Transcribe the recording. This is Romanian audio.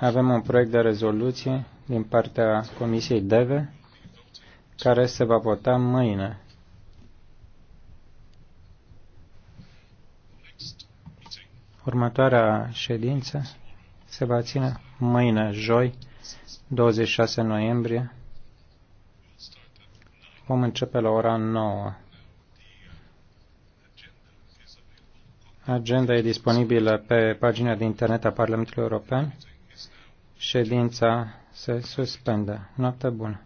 Avem un proiect de rezoluție din partea Comisiei DEVE care se va vota mâine. Următoarea ședință se va ține mâine, joi, 26 noiembrie. Vom începe la ora 9. Agenda e disponibilă pe pagina de internet a Parlamentului European. Ședința se suspendă. Noapte bună!